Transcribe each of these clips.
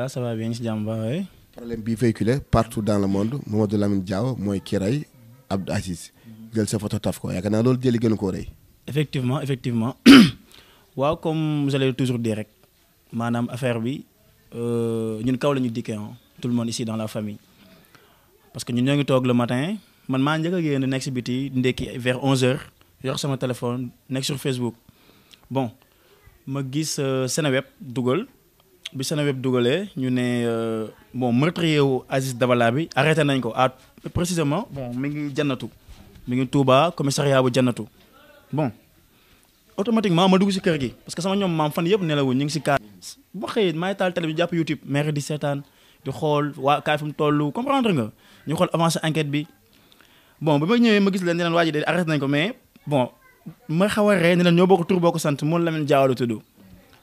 ça ça va bien si jàmm ba waaye. bi véhiculé partout dans le monde Mamadou Lamine jaaw mooy ki rey Abdou Aziz jël sa photo taf ko yaakaar naa loolu jëli gën koo rey. effectivement effectivement waaw comme vous allez toujours dire rek maanaam affaire bi euh, ñun kaw la ñu dikkee tout le monde ici dans la famille parce que ñun ñoo ngi toog le matin man maa njëkk a génn nekk si biti ndekki vers 11h yor sama téléphone nekk sur Facebook bon ma gis euh, Seneweb dugal. bi Seneweb dugalee ñu ne euh, bon meurtrier wu Aziz Dabala bi arrêté nañ ko à précisément bon mi ngi jannatu mu ngi tuuba commissariat bu jannatu bon automatiquement ma dugg si kër gi parce que sama ñoom maam fan yëpp nelawuñ ñu ngi si kaar bu xëyee maay taal télé bi jàpp YouTube maire di seetaan di xool waa kaay fi mu toll comprendre nga ñu xool avancé enquête bi bon ba ma ñëwee ma gis leen ne leen waa ji de arrêté nañ ko mais bon ma xaw a ree ñoo bokk tur boo ko sant moom la mel jaawalu tudd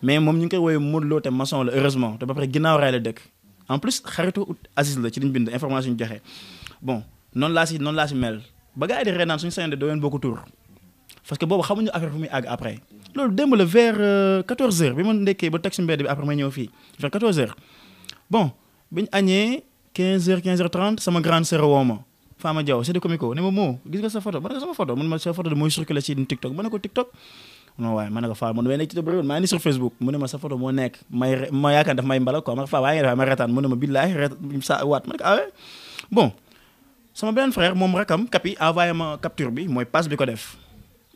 mais moom ñu ngi koy woowee Modou Lo te maçon la heureusement te ba pare ginnaaw raay la dëkk en plus xaritu Aziz la ci liñ bind information joxe bon noonu laa si noonu laa si mel ba gars yi di reenaan suñu sañoon de doo leen bokk parce que boobu xamuñu affaire fu muy àgg après loolu démb la vers 14h euh, bi ma ndekkee ba teg si mbedd bi après ma ñëw fii vers 14h bon bi ñu añee sama grande sœur woo ma Fama Diaw de comico ne ma moo gis nga sa non waaye ma ne ko Fall man nekk ma nekk ma yaakaar daf may mbala quoi ma ne ma retaan ma billaay ret sa waat ma ne ko ah bon sama beneen frère moom rakam kapi envoyé ma capture bi mooy passe bi ko def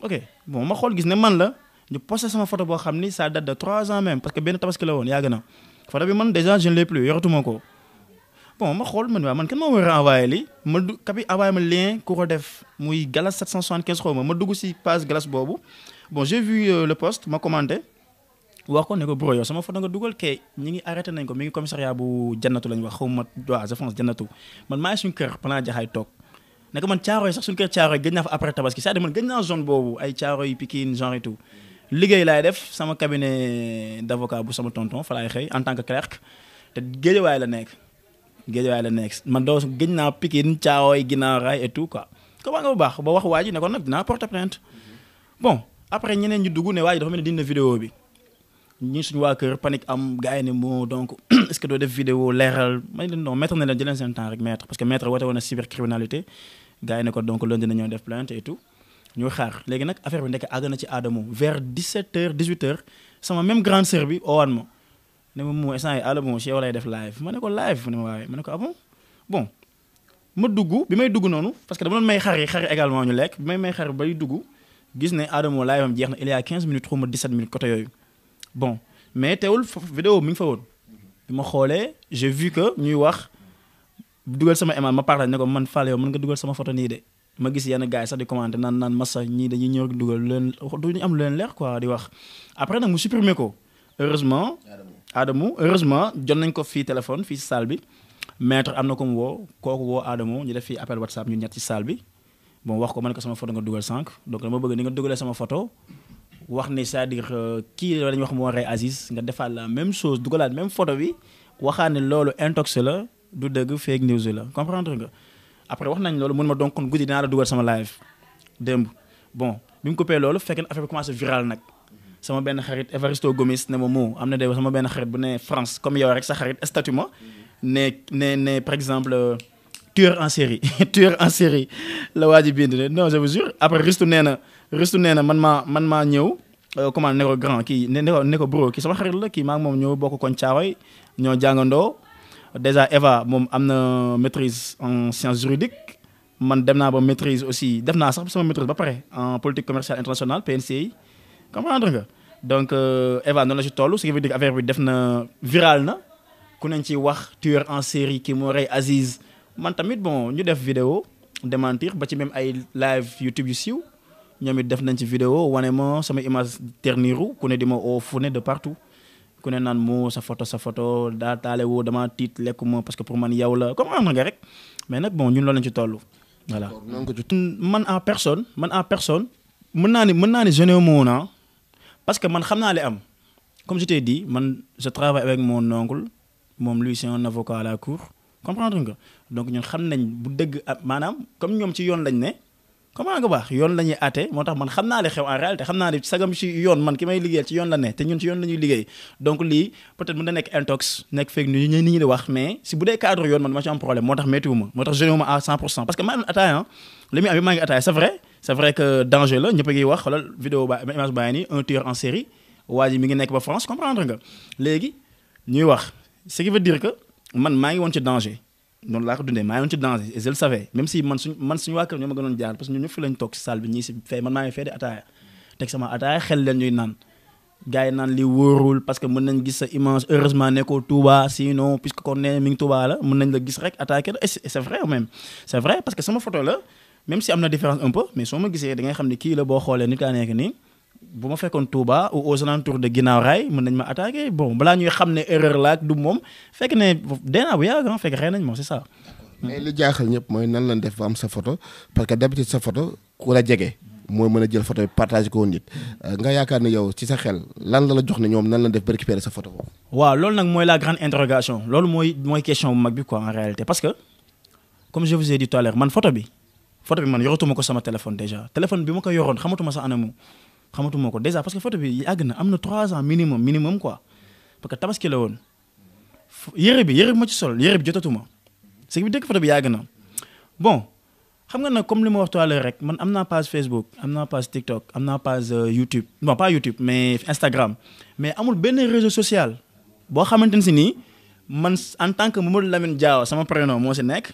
ok bon ma xool gis ne man la ñu posté sama photo boo xam ni ça date de trois ans même parce que benn tabaski woon yàgg na photo bi man déjà je ne l'ai plus yoratuma ko bon ma xool man waaw man kan moo war a envoyé li ma du kapi envoyé ma lien ku ko def muy galas 775 xaw ma ma dugg si page galas boobu bon j'ai vu euh, le poste ma commenté wax ko ne ko bro sama photo nga dugal kee ñi ngi arrêté nañ ko mi ngi commissariat bu jannatu lañ wax xaw ma waaw je pense jannatu man maa ngi suñu kër plan jaxaay toog ne ko man caaroy sax suñ kër caaroy gëj naa fa après tabaski c'est-à-dire man gëj naa zone boobu ay caaroy Pikine genre et tout liggéey laay def sama cabinet d'avocat bu sama tonton fa laay xëy en tant que clerc te géejawaay la nekk géejawaay la nekk man doo gëj naa Pikine caaroy ginnaaw raay et tout quoi. baax ba wax waa ji ne ko nag dinaa porter plainte bon. après ñeneen ñi dugg ne waaye dafa mel ni dina vidéo bi ñi suñu waa kër panique am gars yi ne moo donc est-ce que doo def vidéo leeral ma ne leen non maître ne leen jëleen seen temps rek maître parce que maître na cybercriminalité ne ko donc lundi dinañoo def plainte et tout ñu xaar léegi nag affaire bi ndekk àgg na ci Adamo vers 17h 18h sama même grande sœur bi owaan ma ne ma mu instant yi Adamo si yow lay def live ma ne ko live mu ne ma waaye ma ne ko ah bon bon ma dugg bi may dugg noonu parce que dama doon may xar yi xar également ñu lekk bi may may xar bay dugg gis ne Adamo live am jeex na il y a 15 minutes xaw ma 17 minutes côté yooyu bon mais teewul foofu vidéo mi ngi fa woon bi ma xoolee j'ai vu que ñuy wax dugal sama email ma partage ne ko man Fall yow mën sama photo nii de ma gis yenn gars yi sax di commenter naan naan massa ñii dañuy ñëw ak dugal lu ñu am leen leer quoi di wax après nag mu supprimer ko heureusement. Adamo heureusement jot nañ ko fii téléphone fii si salle bi maitre am na ko mu woo kooku woo Adamo ñu def fii appel WhatsApp ñu ñett ci bi. bon wax ko man ko sama photo nga dugal sànq donc dama bëgg ni nga dugalee sama photo wax ne sa dire euh, kii la dañuy wax moo rey Aziz nga defaat la même chose dugalaat même photo bi waxaat ne loolu intox la du dëgg fake news la comprendre nga après wax nañ loolu mun ma donc kon guddi dinaa la dugal sama live démb bon bi mu coupé loolu fekk na affaire bi commencé viral nag sama benn xarit Evaristo Gomis ne ma moo am na de sama benn xarit bu ne France comme yow rek sa xarit statut ma ne ne ne par exemple euh, tueur en série tueur en série la waa ji bind ne je vous jure après Ristu nee na Ristu nee na man maa man maa ñëw euh, comment ne grand kii ne ko ne ko bro kii sama xarit la kii maa ngi moom boo bokk koñ Caaroy ñoo jàngandoo déjà Eva moom am na maîtrise en sciences juridiques man dem naa ba maîtrise aussi def naa sax sama maîtrise ba pare en politique commerciale internationale PNCI comprendre nga donc euh, Eva noonu la ci toll affaire bi def na viral na ku nañ ci wax tueur en série kii moo rey Aziz man tamit bon ñu def vidéo démentir ba ci même ay live YouTube yu siiw ñoom it def nañ ci video wane ma sama image terniru ku ne di ma oo fu ne de partout ku ne naan moo sa photo sa photo daal taale woo dama tiit lekkuma parce que pour man yow la comme am na nga rek mais nag bon ñun loolu lañ ci toll voilà. man en personne man en personne mën naa ni mën naa ni jeune moo na parce que man xam naa le am comme je t'ai dit man je travaille avec mon oncle moom lui c'est la cour comprendre nga. donc ñun xam nañ bu dëgg maanaam comme ñoom ci yoon lañ ne comment nga baax yoon la ñuy àtte moo tax man xam naa li xew en réalité xam naa ne sagam ci yoon man ki may liggéeyal ci yoon la ne te ñun ci yoon la ñuy liggéey donc lii peut-être mën na nekk intox nekk fekk ni ñu nit wax mais si bu dee cadre yoon man ma ci am problème moo tax méttiwu moo tax jeune ma que maa ngi ataaya ah li muy ngi ataaya c'est que danger la ñëpp a ngi wax xoolal vidéo image bàyyi nii un tueur en série ñuy wax ce que man maa ngi woon ci danger noonu laa ko dundee maa ngi ci danger et je le savais même si man suñ man suñu waa kër ñoo ma gënoon parce que ñun ñëpp fi lañ toog si bi ñii si fay man maa ngi fee ataaya teg sama ataaya xel leen ñuy naan gars naan li wóorul parce que mën nañ gis sa image heureusement nekkoo Touba sinon puisque kon nee mi la mën nañ la gis rek attaqué la et c'est vrai même c'est vrai parce que sama photo la même si am na différence un peu mais gisee da ngay ne kii la boo xoolee nit kaa nekk bu ma fekkoon Touba ou aux alentours de ginnaaw raay mën nañ ma attaqué bon balaa ñuy xam ne erreur la ak du moom fekk ne dee naa bu yàgg ah fekk xëy nañ moom c'est ça. mooy nan lañ def am sa photo parce que d'habitude sa photo ku la jege. mooy mën a jël ko nit euh, nga yaakaar ne yow ci sa xel lan la la jox ne ñoom nan la def ba récupérer sa photo boobu. loolu nag mooy la grande interrogation loolu mooy mooy question bu mag bi quoi réalité parce que comme je vous ai dit tout à man photo bi photo bi man yoratuma ko sama téléphone déjà téléphone bi ma ko yoroon xamatuma sa anamu. xamatuma ko dèjà parce que foto bi yàgg na am na trois ans minimum minimum quoi parce que tabaski la woon yére bi yére bi ma ci sol yére bi jotatuma c'est que bi dëkk photo bi yàgg na bon xam nga na comme li ma wax tout à rek man am naa page Facebook am naa page TikTok am naa page euh, YouTube non pas YouTube mais Instagram mais amul benn réseau social boo xamante ne si nii man en tant que Mamadou Lamine Diaw sama prénom moo si nekk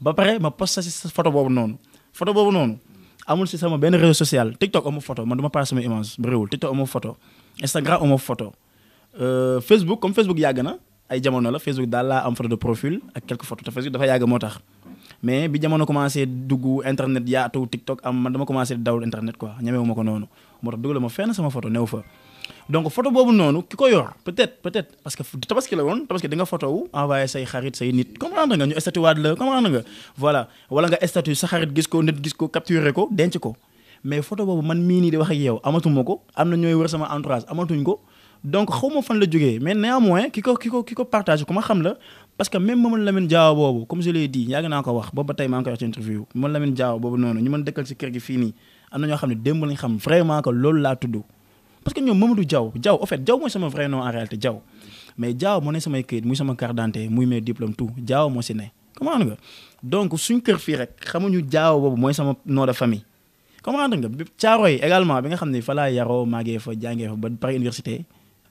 ba pare ma poste sa photo boobu noonu photo boobu noonu. amul si sama benn réseau social TikTok amoo photo man dama paase sama image bëriwul TikTok amoo photo Instagram amoo photo euh, Facebook comme Facebook yàgg na ay jamono la Facebook daal laa am photo de profil ak quelques photos te Facebook dafa yàgg moo tax. mais bi jamono commencé dugg internet yaatu TikTok am man dama commencé daw internet quoi ñemewu ma ko noonu moo tax dugal ma fenn sama photo new fa. donc photo boobu noonu ki ko yor peut-être peut-être parce que tabaski la woon tabaski da photo wu envoyé say xarit say nit comprendre nga ñu statut waat la comprendre nga nga gis ko gis ko capturer ko denc ko mais photo nii di wax ak yow amatuma ko am na ñooy wër sama entourage amatuñ ko donc xaw ma fan la jógee mais néanmoins ki ko ki ko ki ko boobu wax boobu ba tey maa ngi koy wax ci interview Mamadou Lamine noonu ñu mën dëkkal si kër gi fii nii am na ñoo xam ne démb lañ xam vraiment que loolu laa tudd parce que ñoom Mamadou Diaw Diaw en fait Diaw mooy sama vrai nom en réalité Diaw mais Diaw moo ne samay këyit muy sama carte d'identité muy mes diplômes kër fii rek xamuñu Diaw boobu mooy sama nom de famille comprendre nga caaro yi également bi nga xam ne fa laa yaroo màggee fa jàngee fa ba par université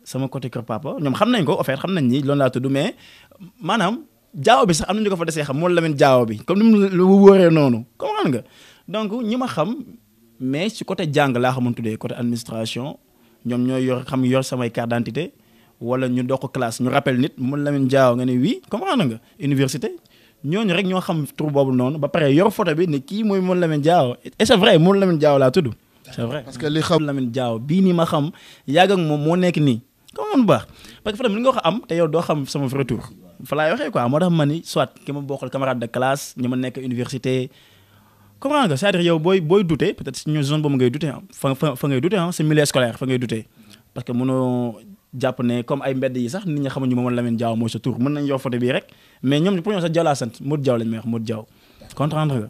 sama côté kër xam nañ ko en xam nañ ni loolu laa tudd maanaam Diaw bi sax am nañu ko fa desee xam moom la mel Diaw bi comme ni mu wóoree noonu comprendre nga donc ñi ma xam mais si côté jàng laa xamoon tuddee côté administration ñoom ñooy yor xam yor samay carte d'identité wala ñu dox ko classe ñu rappel nit mu Lamine Diaw nga ne wii comprendre nga université ñooñu rek ñoo xam tur boobu noonu ba pare yor photo bi ne kii mooy Mamadou Lamine Diaw et c'est vrai Mamadou Lamine Diaw laa tudd. c'est vrai parce que li xam Lamine Diaw bii nii ma xam yàgg ak moom moo nekk nii. comment baax parce que fa li nga ko am te yow doo xam sama vrai tour fa laay waxee quoi moo tax ma ni soit comprends nga c'est-à-dire yow booy booy douter peut-être si ñu zone boobu ngay douter fa fa ngay douter ah c'est milieu fa ngay douter parce que mënoo jàpp ne comme ay mbedd yi sax nit ñi xamuñu moom Lamine Diaw mooy sa tur mën nañ yow foto bii rek mais ñoom pour ñoom sax Diaw laa sant Modou Diaw lañ may wax Modou Diaw nga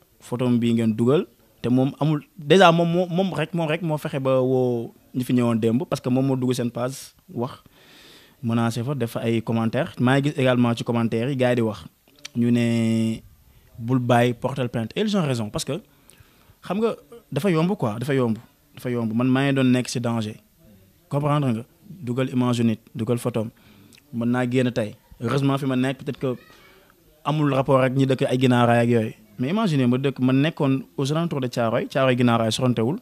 photo bii ngeen dugal te moom amul dèjà moom moo moom rek moom rek moo fexe ba woo ñu fi ñëwoon démb parce que moom moo dugg seen page wax menacé fa def ay commentaire maa gis également ci commentaire yi gars yi di wax ñu ne bul bàyyi porter plainte et ils raison parce que xam nga dafa yomb quoi dafa yomb dafa yomb man maa ngi doon nekk si danger comprendre nga dugal image nit dugal photom mën naa génn tey heureusement fi ma nekk peut que amul rapport rek ñi dëkk ay ginnaaraay yooyu mais imaginez ma dëkk ma nekkoon aux alentours de Thiaroye Thiaroye ginnaaraay soxantewul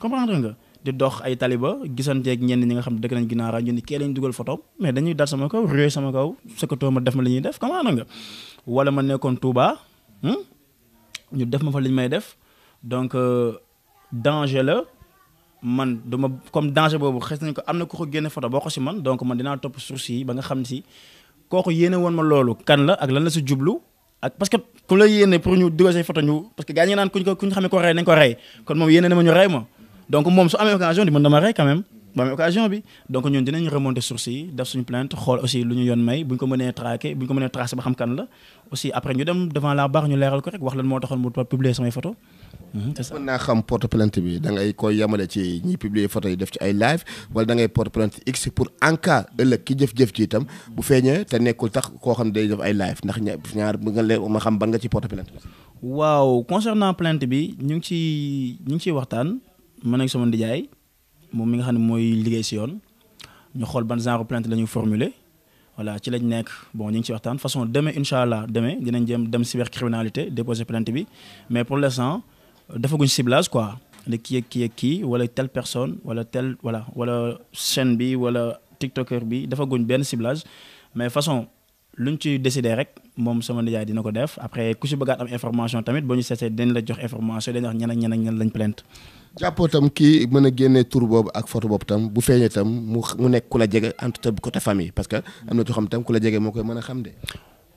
comprendre nga di dox ay taliba gisanteeg ñenn ñi nga xam ne dëkk nañ ginnaaraay ñu ni kee lañ dugal foto mais dañuy dar sama kaw rué sama kaw sëkkatoo ma def ma li ñuy def comprendre nga wala ma nekkoon Touba hmm? ñu def ma fa li ñu may def donc euh, danger la man du ma comme danger boobu xes nañ ko am na ku ko génne photo boo ko si man donc man dinaa topp source yi ba nga xam si kooku yéene woon ma loolu kan la ak lan la si jublu ak parce que ku la yéene pour ñu dugal say photo ñu parce que gars yi naan kuñ ko xamee ko rey nañ ko rey kon moom yéene na ma ñu rey ma donc moom su amee occasion bi mën na donc ñun dinañ remonter source yi def suñu plainte xool aussi lu ñu yoon may bu ñu ko mënee traqué bu ñu ko mënee tracé ba xam kan la aussi après ñu dem devant la barre ñu leeral ko rek wax lan moo taxoon mu publier samay photo Mhm, mën naa xam porte plainte bi da ngay koy yemale ci ñi publier photo yi def ci ay live wala da ngay porte plainte x pour en cas ëllëg ki jëf-jëf ci itam bu feeñee te nekkul tax koo xam ne day def ay live ndax ñaar bu nga ma xam ban nga ci porte plainte bi waaw concernant plainte bi ñu ngi ci ñu ngi ciy waxtaan mën nañ sama ndijaay moom mi nga xam ne mooy liggéey si yoon ñu xool ban genre plainte la ñuy formuler voilà ci lañ nekk bon ñu ngi ci waxtaan façon demain incha allah demain dinañ jëm dem cybercriminalité déposer plainte bi mais pour l'instant defaguñ ciblage quoi ne kii ak kii wala telle personne wala telle voilà wala chaîne bi wala tiktoker bi defaguñ benn ciblage mais façon ñu ci décider rek moom sama nijaay dina ko def après ku si bëggaat am information tamit boo ñu seetee dañ la jox information dañ wax ñan ak ñan ak ñan lañ plainte. jàppoo tam kii mën a génne tur boobu ak photo boobu tam bu feeñee tam mu mu nekk ku la jege entre côté famille parce que am na ci xam tam ku la jege moo koy mën a xam de.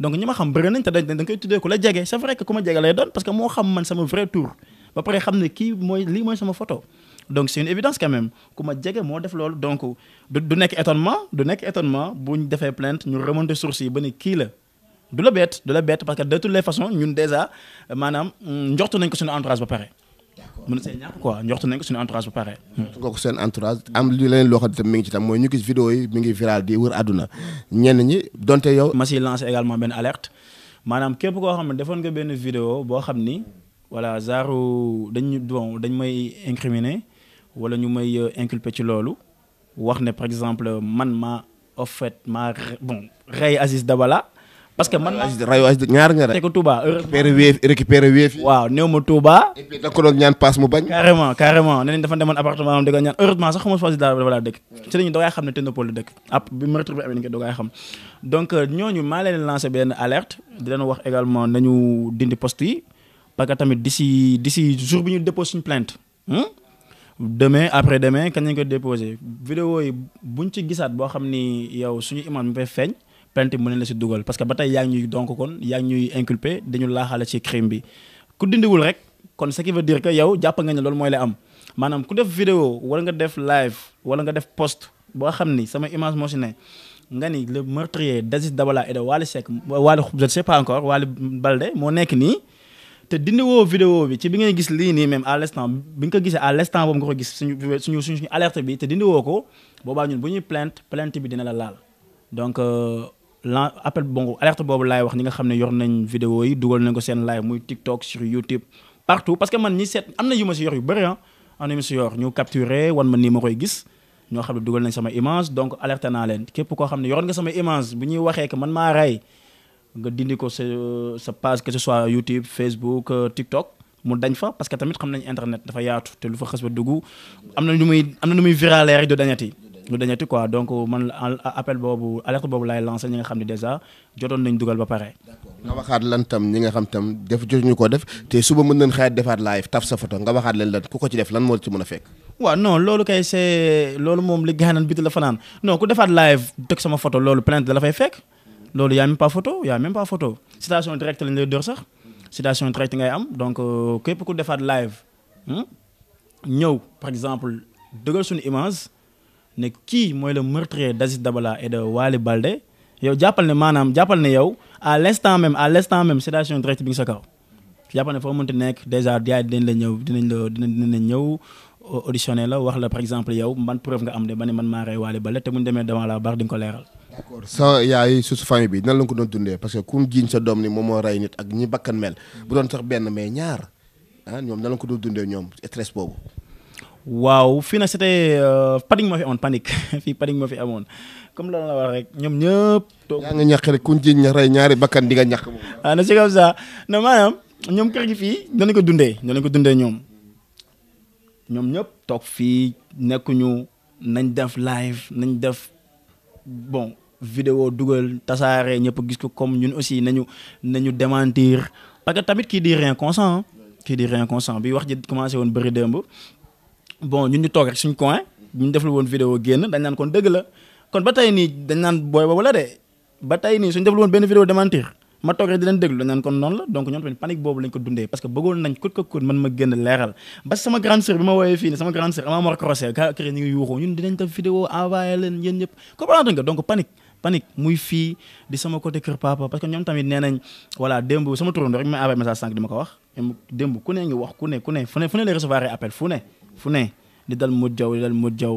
donc ñi ma xam bëri nañ te dañ dañ koy tuddee ku la jege c'est vrai que ku ma jege lay doon parce que moo xam man sama vrai tour ba pare xam ne kii mooy lii mooy sama photo donc c'est une évidence quand même ku ma jege moo def loolu donc du nekk étonnement du nekk étonnement bu ñu defee plainte ñu remonter source yi ba ne kii la du la bett du la bett parce que de toutes les façons ñun déjà maanaam mm, njortu nañ ko suñu entourage ba pare. mën na see ñàkk quoi njoxtu nañ ko suñu entourage bu pare. nga ko seen entourage am leen loo xam tam mi ngi ci tam mooy ñu gis vidéo yi mi ngi viral di wër àdduna ñenn ñi donte yow. ma siy lancé également benn alerte maanaam képp koo xam ne defoon nga benn vidéo boo xam ni voilà zaaru dañ bon dañ may incriminer wala ñu may euh, inculper ci loolu wax ne par exemple man maa en fait maa bon rey Aziz Dabala. parce que man. rayu as ñaar nga rek. tegu Touba heureusement récupéré wéef récupéré wéef. waaw néew ma Touba. et puis da ko doon ñaan paas mu bañ. carrément carrément nee dafa appartement am da ko ñaan heureusement sax xamul choisir daal dafa laa lancé benn alerte di leen wax également nañu dindi poste yi parce que tamit d'ici d'ici jour bi ñu déposé suñu plainte. Hmm? demain après demain kañ lañ ko déposé vidéo yi buñ ci gisaat boo xam ni yow suñu imam ma fay feeñ plainte mën nañ la si dugal parce que ba tey yaa ngi ñuy donc kon bi ku jàpp nga ne loolu mooy la am maanaam ku def vidéo wala nga def live wala nga def post boo xam ni sama image moo si ne nga ni le meurtrier d'Aziz Dabala et de Wally Seck Wally je ne sais pas encore moo nekk nii te dindiwoo vidéo bi ci bi ngay gis lii nii même à l'instant bi nga ko gisee à l'instant boobu nga ko gis suñu suñu suñu alerte bi te dindiwoo ko boobaa ñun bu ñuy plainte plainte bi dina la laal donc euh, lan appel bon alerte boobu laay wax ñi nga xam ne yor nañ vidéo yi dugal nañ ko seen live muy TikTok sur YouTube partout parce que man ñi seet am na yu ma si yor yu bëri ah am na yu ma yor ñu capturé wan ma ni ma koy gis ñoo xam ne dugal nañ sama image donc alerte naa leen képp koo xam ne yoroon nga sama image bu ñuy waxee que man maa rey nga dindi ko sa sa page que ce soit YouTube Facebook euh, TikTok mu dañ fa parce que tamit xam nañ internet dafa yaatu te lu fa xës dugg am na nu muy am na nu muy virale rek du dañati lu dañati quoi donc man appel boobu alerte boobu laay lancé ñi nga xam ne dèjà jotoon nañ dugal ba pare. nga waxaat lan tam ñi nga xam tam def jotuñu ko def te suba mën nañ xaar defaat live taf sa photo nga waxaat leen lan ku ko ci def lan moo ci mën a fekk. waaw non loolu kay c'est loolu moom li gaanan biti la fanaan non ku defaat live teg sama photo loolu plainte da la fay fekk loolu yaa même pas photo yaa même pas photo citation directe lañ lay door sax citation directe ngay am donc euh, képp ku defaat live hmm, ñëw par exemple dëgal nekk kii mooy la meurtrier d'Aziz Dabala et de Wali Balde yow jàppal ne maanaam jàppal ne yow à l'instant même à l'instant même citation directe bi nga sa kaw jàppal ne foo mënti nekk déjà yaay dinañ la ñëw dinañ la dinañ la ñëw auditionné la wax la par exemple yow man preuve nga am de ba ne man maa rey Wali Balde te muñ demee devant la barre di ko leeral d'accord sa yaay su su famille bi nan la ko doon dundee parce que ku jiiñ sa doom ni moom moo rey nit ak ñi bakkan mel bu doon sax benn mais ñaar ah, ñoom nan la ko doon dundee ñoom stress boobu waaw fii nag c'était euh, panique moo fi amoon panique fii panique moo fi amoon comme loolu la wax rek ñoom ñëpp. yaa nga rek ku ñu ñaari bakkan di nga ñàkk moom. ah na si comme ñoom kër gi fii danañ ko dundee danañ ko dundee ñoom ñoom ñëpp toog fii nekkuñu nañ def live nañ def bon vidéo dugal tasaare ñëpp gis ko comme ñun aussi nañu nañu démentir parce que tamit kii di rien consent kii di rien consent bi wax ji commencé woon bëri démb. bon ñun ñu toog rek suñ coin ñu deful woon vidéo génn dañ naan kon dëgg la kon ba tey nii dañ naan booy boobu la de ba tey nii suñ deful woon benn vidéo démentir ma toog rek di leen déglu dañ naan kon noonu la donc ñoom tamit panique boobu lañ ko dundee parce que bëggoon nañ kut ko kut man ma génn leeral ba sama grande sœur bi ma woowee fii ne sama grande sœur amaa mor crosé ka kër ñu ngi yuuxoo ñun dinañ def vidéo envoyé leen yéen ñëpp comprendre nga donc panique panique muy fii di sama côté kër papa parce que ñoom tamit nee nañ voilà démb sama turando rek ma envoyé message sànq di ma ko wax démb ku ne ngi wax ku ne ku ne fu ne fu ne lay recevoir appel fu ne fu ne li dal mut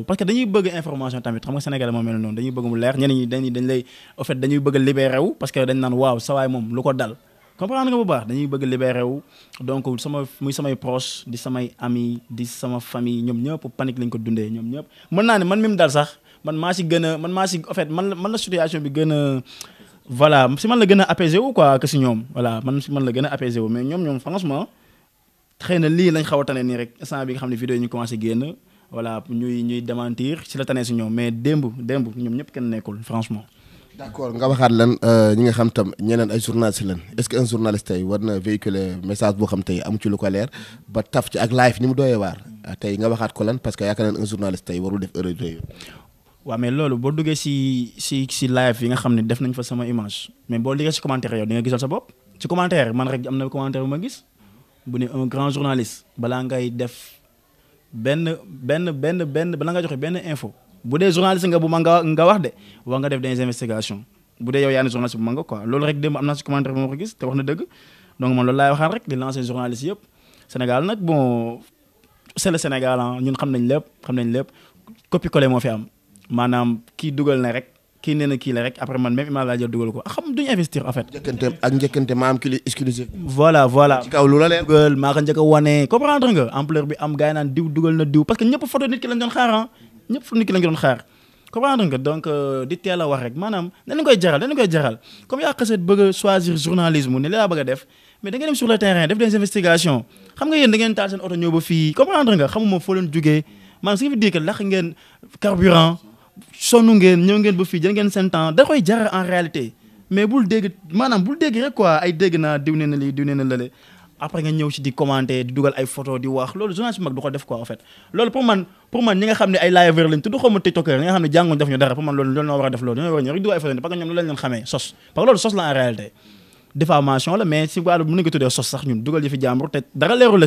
parce que dañuy bëgg information tamit xam nga Sénégal moo mel noonu dañuy bëgg mu leer ñenn ñi dañuy dañ lay au dañuy bëgg libéré parce que dañ naan waaw sawaay moom lu ko dal comprendre nga bu baax dañuy bëgg libéré wu sama muy samay proche di samay ami di sama famille ñoom ñëpp panique lañ ko dundee ñoom ñëpp mën naa ne man même dal sax man maa si gën a man maa si en fait man la man bi gën a si man la gën a apaisé wu quoi que si ñoom voilà man si man xëy na lii lañ xaw a tane nii rek instant bi nga xam ne vidéo yi ñu commencé génn voilà ñuy ñuy démentir la tane si ñoom mais démb démb ñoom ñëpp kenn nekkul franchement. d' accord nga waxaat lan euh, ñi nga xam tam ñeneen ay journaliste lan est ce que un journaliste tey war na véhiculer message boo xam tey amu ci lu ko leer ba taf ci ak live ni mu doyee waar tey nga waxaat ko lan parce que yaakaar naa un journaliste tey warul def erreur yooyu. si si si live yi nga sa bopp si commentaire man na commentaire bu bu ne un grand journaliste balaa ngay def benn benn benn benn balaa nga joxe benn info bu dee journaliste nga bu ma nga nga wax de wax nga def des investigations bu dee yow yaa ne bu ma nga ko loolu rek démb am na si commentaire bu ma ko gis te wax na dëgg donc man loolu laay waxaat rek di lancer journaliste yëpp Sénégal nag bon c'est le Sénégal ah. ñun xam nañ lépp xam nañ lépp copier coller moo fi am maanaam kii dugal na rek. kii nee kii la rek après man même image laa dugal ko ah xam duñu investir en fait. ak njëkkante ma am kii voilà voilà maa ko njëkk a wane comprendre nga ampleur bi am gars diw dugal na diw parce que ñëpp photo nit ki lañ doon xaar ah nit ki lañ doon xaar. comprendre nga donc euh, di teel a rek maanaam dañu koy jaral dañu koy jaral comme yaa xaset bëgg a choisir journalisme ne li laa a def mais da sur le terrain def des investigations sonn ngeen ñëw ngeen ba fii jël ngeen seen koy jar en réalité mais bul dégg maanaam bul dégg rek quoi ay dégg naa diw nee na diw nee na après nga ñëw ci di commenter di dugal ay photo di wax loolu journaliste mag du ko def quoi en fait loolu pour man pour man ñi nga xam ne ay liveur lañ tudd xaw def ñu dara pour man loolu noo war a def loolu ñoo war a dugal ay photo parce que ñoom loolu lañ leen sos parce loolu sos la en réalité diffamation la mais si wàllu mën nañ ko tuddee fi jàmbur te dara leeru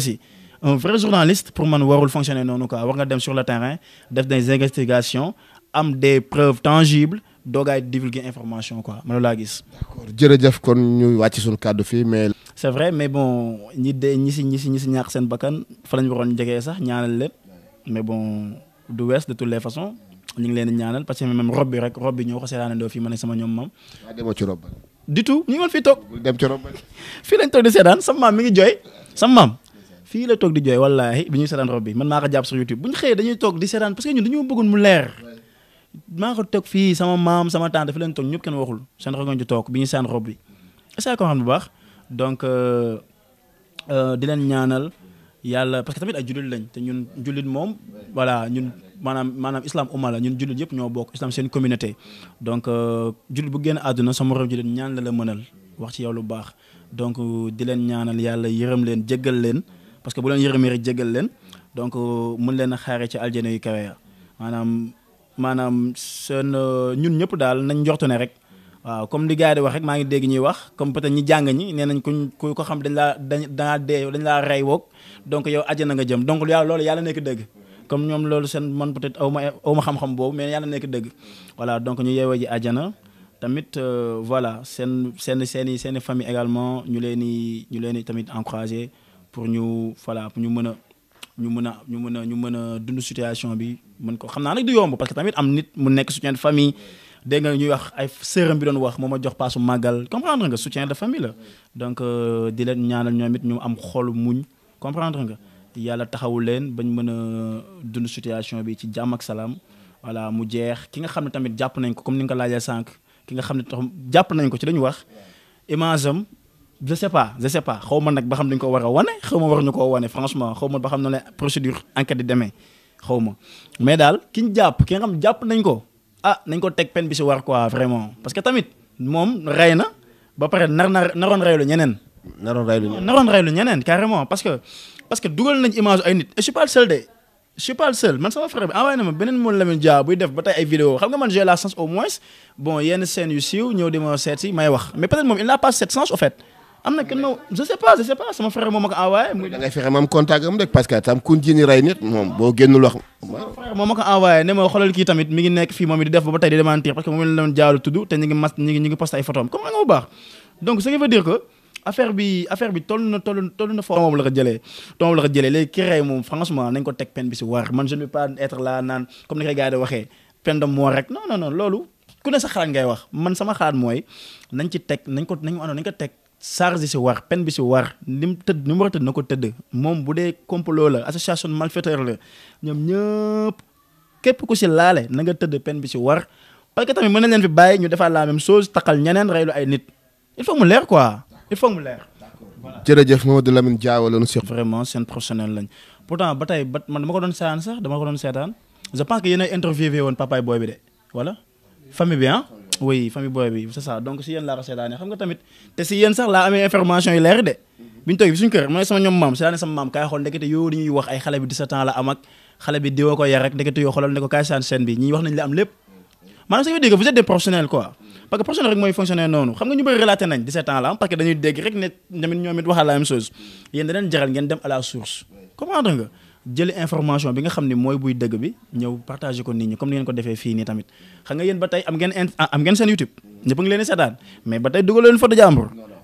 un vrai journaliste pour man warul fonctionner noonu quoi war nga dem sur le terrain def des investigations am des preuves tangibles doogaay divulguer information quoi man laa gis. d'accord jërëjëf kon ñu wàcc suñu kàddu fii mais. c'est vrai mais bon ñi de si ñi si ñi seen bakkan fa la ñu waroon jegee sax ñaanal leen mais bon du wees de toutes les façons ñu ngi leen di ñaanal parce que même rob bi rek rob ñoo ko seetaanandoo fii ma ñu dem ci fii lañ toog di seetaan sama maam mi ngi jooy sama maam. fii la toog di jooy wallaahi bi ñuy seetaan rob bi man maa ko jàpp sur YouTube bu ñu xëyee dañuy toog di seetaan parce que ñun dañoo bëggoon mu leer maa ko toog fii sama maam sama tante fi leen toog ñëpp kenn waxul seen rogoon ci toog bi ñuy seetaan rob bi est-ce que ko xam bu baax donc euh, euh, di leen ñaanal yàlla parce que tamit ay jullit lañ te ñun jullit moom voilà ñun maanaam maanaam islam umma la ñun jullit yëpp ñoo bokk islam seen communauté donc euh, jullit bu génn àdduna sama morom jullit ñaan la la mënal wax ci yow lu baax donc di leen ñaanal yàlla yërëm leen jéggal leen parce que bu leen yërëmee rek jégal leen donc euh, mën leen a ci aljana yu kawe ya maanaam maanaam seen euh, ñun ñëpp daal nañ njortu ne rek waaw comme li gars yi di wax rek maa ngi dégg ñuy wax comme peut-être ñi jàng ñi nee nañ kuñ ku ko xam dañ laa dañ dangaa dee dañ laa rey woog donc yow aljana nga jëm donc yàlla loolu yàlla nekk dëgg comme ñoom loolu seen man peut-être aw ma aw ma xam-xam boobu mais yàlla nekk dëgg voilà donc ñu yeewee ji aljana tamit euh, voilà seen seen seen seen i famille également ñu leen di ñu leen di tamit encouragé pour ñu voilà ñu mën a ñu mën a ñu mën a ñu mën a dund situation bi mën ko xam naa nag du yomb parce que tamit am nit mu nekk soutien de famille dégg nga ñuy wax ay séeram bi doon wax moo a jox paasu màggal comprendre nga soutien de famille la donc euh, di leen ñaanal ñoom it ñu am xol muñ comprendre nga yàlla taxawu leen bañ mën a dund situation bi ci jàmm salaam voilà mu jeex ki nga xam ne tamit jàpp nañ ko comme ni nga ko laajee sànq ki nga xam ne tax jàpp nañ ko ci lañu wax image je sais pas ma nag ba xam dañ ko war a wane xaw ma waruñu koo wane franchement xaw ma ba xam ne la procédure enquête di demee xaw ma daal ki ñu jàpp ki nga xam jàpp nañ ko ah nañ ko teg peine bi si war quoi vraiment parce que tamit moom rey na ba pare nar nar naroon reylu ñeneen. naroon reylu ñeneen naroon parce que parce que dugal nañ image ay nit et je suis de je suis pas le seul man sama frère na ma beneen moom Lamine Dia buy def ba tey ay vidéo xam nga man am na kenn je sais pas je sais sama frère moom ma ko envoyé. da ngay fexe ma am contact am rek parce que tam ku ji ni rey nit moom ma tamit mi ngi nekk fii moom it di def ba tey di démentir parce que moom la doon jaaru tudd te ñu ngi mas ñu ngi nga bu baax moom la ko nañ ko teg peine bi si war man je ne pas être là naan comme ni koy di waxee peine de mort rek non non loolu ku ne sa xalaat ngay wax man sama xalaat mooy nañ ci teg nañ ko nañ ko nañ ko teg charge si war peine bi si war ni mu tëdd ni mu war a tëdd na ko tëdd moom bu dee complot la association malfaiteur la ñoom ñëpp képp ku si laale na nga tëdd peine bi si war parce que tamit mën na leen fi bàyyi ñu defaat la même chose taxal ñeneen reylu ay nit il faut mu leer quoi il faut mu leer. jërëjëf Mamadou Lamine Diaw la ñu si. vraiment seen professionnel lañ pourtant ba tey ba man dama ko doon seetaan sax dama ko doon seetaan je pense que yéen a bi de voilà famille bi oui famille booy bi c'est donc si yéen laa xam nga tamit te si yéen sax laa amee information yi leer de bi toog bi kër ma ne sama ñoom maam seetaane sama maam kaay xool ndekete yoo dañuy wax ay xale bi 17 ans la am xale bi diwa ko yar rek ndekete yoo xoolal ne ko kaay saan bi ñii wax nañ la am lépp maanaam nga ñu bëri relaté nañ la parce que dañuy dégg rek ne tamit ñoom it waxal la même jaral ngeen dem à la source comprendre nga jëli information bi nga xam ne mooy buy dëgg bi ñëw partagé ko nit ñi comme ni ngeen ko defee fii nii tamit xam nga yéen ba tey am ngeen ah, am ngeen seen YouTube ñëpp ngi leen di seetaan mais ba tey dugaloo leen photo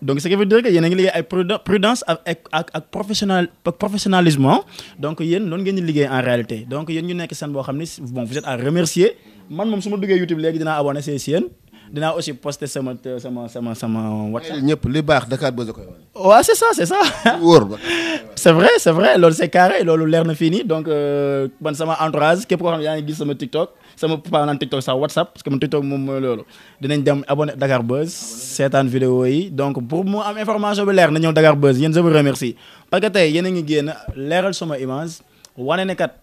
donc ce qui veut ngi liggéey ay prudence ak ak ak ah. donc yéen noonu ngeen liggéey en réalité donc yéen ñu nekk seen boo xam ne bon vous êtes à remercier man moom su ma duggee YouTube léegi dinaa dinaa aussi poster sama sama sama sama WhatsApp. ñëpp li baax Dakar Buzz koy wane. waaw c'est ça c'est ça. wóor ba. c'est vrai c'est vrai loolu loolu leer na fii nii donc euh, man sama entourage képp koo xam yaa ngi gis sama TikTok sama papa naan TikTok sax WhatsApp parce que man TikTok moom mooy loolu. dinañ dem abonné Dakar Buzz seetaan vidéo yi donc pour mu am information bi leer na ñëw Dakar Buzz yéen je vous remercie parce que tey yéen a ngi génn leeral sama image wane ne kat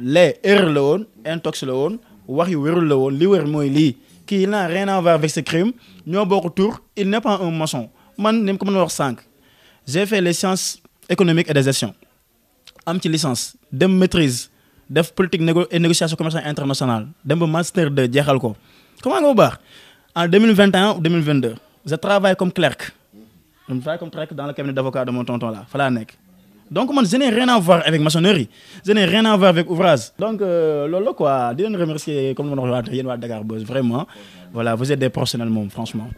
les erreur la woon intox la woon wax yu wérul la woon li wér mooy lii. kii n'a rien à voir avec ce crime ñoo bokk tur il n'est un maçon man ni ma ko mën a wax sànq j'ai fait les sciences économiques et de gestion am ci licence dem maîtrise def politique négo et négociation commerciale internationale dem ba master 2 jeexal ko comment nga bu baax en 2021 ou 2022 je travaille comme clerc dans le cabinet d'avocat de mon tonton là fa laa nekk donc man je n'ai rien à voir avec maçonnerie je n'ai rien avec ouvrage donc euh, loolu la quoi di remercier comme ni ma la Dakar Buzz vraiment voilà vous êtes des franchement.